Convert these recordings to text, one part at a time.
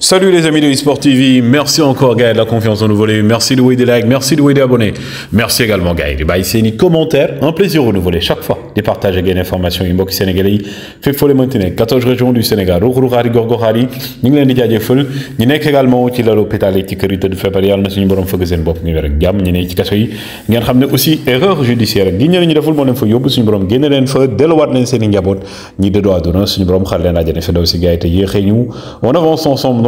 Salut les amis de eSport TV, merci encore Gaël de la confiance en nous voler, merci de vous des likes, merci de vous des abonnés, merci également Gaël de baisser les commentaires, un plaisir de nous voler chaque fois, des partages et des informations inbox sénégalais, fait folle Montenegro, 14 régions du Sénégal, Roukourari, Gorgohari, nous l'avons déjà dit folle, également aussi à l'hôpital et qui de Fabri, nous sommes en focus en bop, nous sommes gamme, nous sommes en train de aussi erreur judiciaire, nous sommes en train de faire nous sommes en train de faire des lois de l'enseignant, nous sommes de faire de l'enseignant, nous sommes en train de faire des lois de l'enseignant, on avance ensemble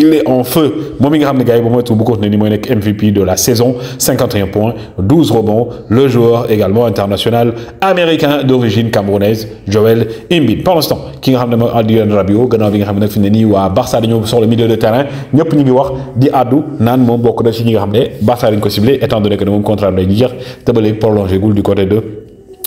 il est en feu moom mi nga xam ne gars yi ba bu ko ni MVP de la saison 51 points 12 rebonds le joueur également international américain d'origine camerounaise Joel Embiid pendant l'instant, temps ki nga xam ne mooy Adrien Rabiot ou bi nga xam milieu de terrain ñëpp ñu ngi wax di Adou, Nan moom de na si Barça dañ ciblé étant donné que nous moom contrat de jeex te ba léegi gul du côté de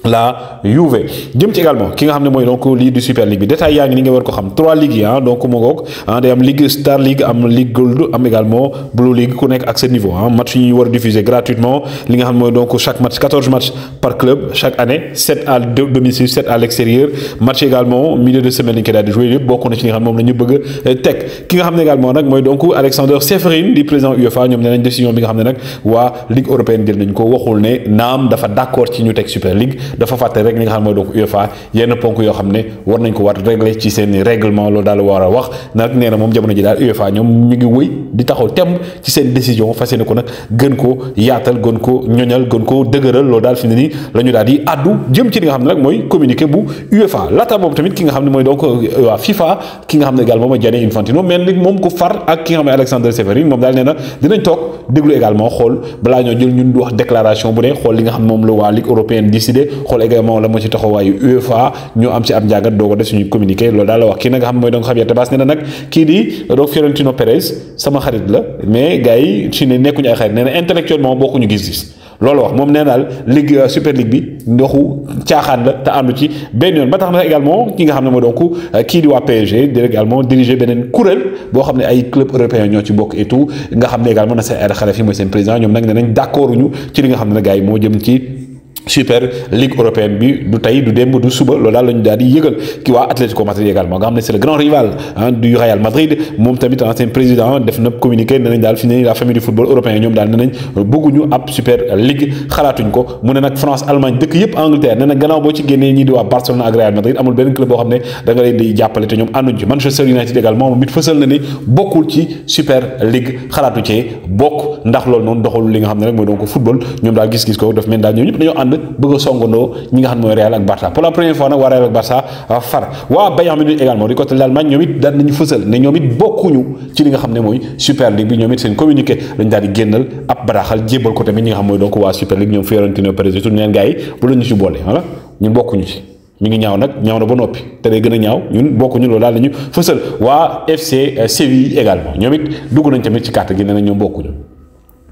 la Juve jëm ci également ki nga xam moy donc lii du super league bi détail yaa ngi ni nga war ko xam trois ligues hein donc mo ngok hein ah, day am ligue star league am ligue gold am également blue league ku nek ak ce niveau hein match yi ñu war diffuser gratuitement li nga xam mooy donc chaque match quatorze matchs par club chaque année sept à domicile sept à l'extérieur match également milieu de semaine lañ koy daal di jouer yëpp bokk na ci nga xam mom la ñu bëgg tek ki nga xam ne également nak moy donc Alexander Seferin di président UEFA ñom nee nañ décision bi nga xam ne nag ligue européenne jël nañ ko waxul ne nam dafa d'accord ci ñu tek super league dafa fàtte rek li nga xam ne mooy donc UEFA yenn ponk yoo xam ne war nañ ko war régler ci seen règlement loolu daal war a wax nag nee na moom jamono ji daal UEFA ñoom ñu ngi wëy di taxaw ko gën ko yaatal gën ko ñoñal gën ko dëgëral loolu daal fi ne la ñu daal di addu jëm ci li nga xam mooy communiqué bu UEFA laata boobu tamit ki nga xam ne mooy donc euh, waa FIFA ki nga xam ne également mooy Gianni Infantino mel ni moom ko far ak ki nga xam ne Alexander Seferin moom daal nee na dinañ toog déglu également xool balaa ñoo jël ñun di wax déclaration bu ne xool li nga xam ne moom la waa Ligue européenne décidé xool également la moo ci taxawaayu UEFA ñu am ci ab njàngat dogo def suñu communiquer loolu daal la wax ki nga xam mooy donc Javier Tebas nee na nag kii di donc Fiorentino Perez sama xarit la mais gars yi ci ne nekkuñu ay xarit nee na intellectuellement bokkuñu gis-gis loolu wax moom nee naal ligue euh, super ligue bi ndoxu caaxaan la te àndu ci benn yoon ba tax na également ki nga xam ne mooy donc euh, kii di waa PSG di également diriger beneen kuréel boo xam ne ay club européen ñoo ci bokk et tout nga xam ne également na seen air xale fi mooy seen président ñoom nag nee nañ d' accord uñu ci li nga xam ne gars yi moo jëm ci super ligue européenne bi du tay du démb du suba loolu daal la ñu daal yëgal ki wa Atletico Madrid également nga xam c'est le grand rival hein, du Real Madrid mom tamit ancien président def na communiqué nee nañ daal fi la famille du football européen ñom dal nee bëggu ñu app super ligue xalaatuñ ko mu ne nag France Allemagne dëkk yëpp Angleterre né na gannaaw bo ci génnee ñi di wa Barcelona ak Real Madrid amul benn club bo xamné da nga leen di jappalé té ñom ànduñ ci Manchester United également mom mit fësal na ni bokul ci super ligue xalaatu ci bok ndax lool non doxalul li nga xamné rek mooy donc football ñom daal gis-gis ko def men daal ñoom ñëpp dañu ànd ànd bëgg a songandoo ñi nga xam mooy Real ak Barça pour la première fois nag waa Real ak Barça euh, far waa Bayern Munich également du côté de l'Allemagne ñoom it daal nañu fësal ne ñoom it bokkuñu ci li nga xam ne mooy Super League bi ñoom it seen communiqué dañ daal di génnal ab badaaxal jébbal ko tamit waa Super League ñoom Florentino ñu ngi ñaaw nag ñaaw na ba noppi te day gën a ñaaw ñun bokkuñu loolu daal la fësal waa FC euh, Séville également ñoom it dugg nañ tamit ci carte gi nee na ñoom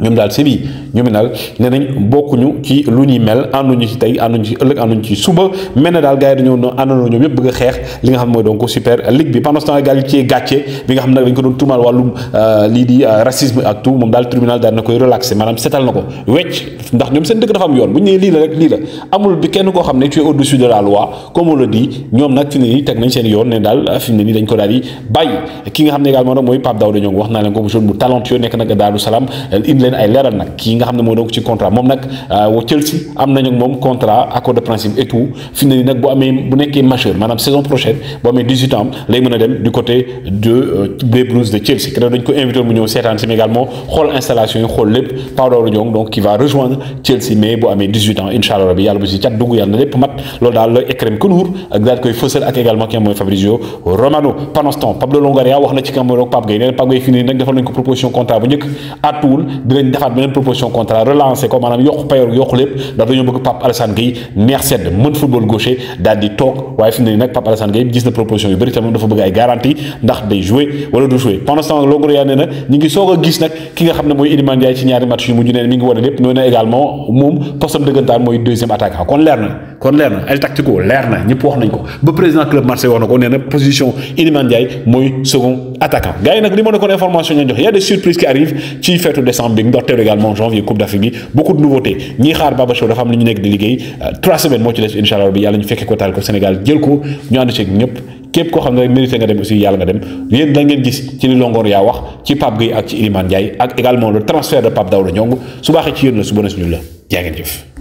ñoom daal si lii ñoom it daal nee bokkuñu ci lu ñuy mel ànduñu ci tey ànduñu ci ëllëg ànduñu ci suba mel na daal gars yi dañoo doon àndandoo ñoom yëpp a xeex li yi euh, euh, ci koo xam ne tu es au-dessus de la loi comme euh, ki nga xam ne également nag mooy Pape Daouda Niang wax naa leen ko monsieur bu talentueux nekk nag Daaru Salaam leen ay leeral nag kii nga xam ne mooy donc ci contrat moom nag euh, wa Chelsea am nañu moom contrat accord de principe et tout fi mu ne nag bu amee bu nekkee majeur maanaam saison prochaine bu amee 18 ans lay mën dem du côté de des euh, Blues de Chelsea keroog dañ ko invité mu ñëw seetaan si également xool installation yi xool lépp Paolo Diong donc qui va rejoindre Chelsea mais bu amee 18 ans incha allah rabi yàlla bu si cat dugg yàlla na lépp mat loolu daal la Ekrem Kounour ak daal koy fësal ak également ki mooy Fabrizio Romano pendant ce temps Pablo Longoria wax na ci kam Pape Gueye nee na Pape Gueye fi ne nag defal nañ ko proposition contrat bu njëkk déwén defaat beneen proposition contrat relancé ko maanaam yokk payoor yokku lépp dañu bëgg pap Alassane gay neex sedd mën football gaucher dal di tok waye fi nak pap Alassane gay gis na proposition yu bari tamit dafa bëgg ay garantie ndax day jouer wala du jouer pendant ce temps lo yaa nee na ñi ngi soog a gis nag ki nga xam moy mooy Iliman Ndiaye ci ñaari match yu mujj neen mi ngi wane lepp noonu également mom poste am dëggantaan mooy deuxième attaquant kon leer na kon leer na El Tactico leer na ñëpp wax nañ ko ba président club Marseille wax na ko nee position Iliman Ndiaye mooy second attaquant gars nak li ma nekkoon information ñu jox y a des surprises qui arrivent ci feetu décembre bi ndorteel également janvier coupe d'Afrique bi beaucoup de nouveautés Ñi xaar Baba Show dafa am li ñu nekk di liggéey 3 euh, semaines mo ci des inshallah allah bi yàlla ñu fekkee ko tal ko Sénégal jël ko ñu ànd ci ñep képp ko xam ne rek mérité nga dem aussi yalla nga dem yéen da ngeen gis ci li longor ya wax ci Pape Gueye ak ci Iliman Ndiaye ak également le transfert de Pape Daouda Ñong su baxé ci yéen la su bonee suñu la jaa jëf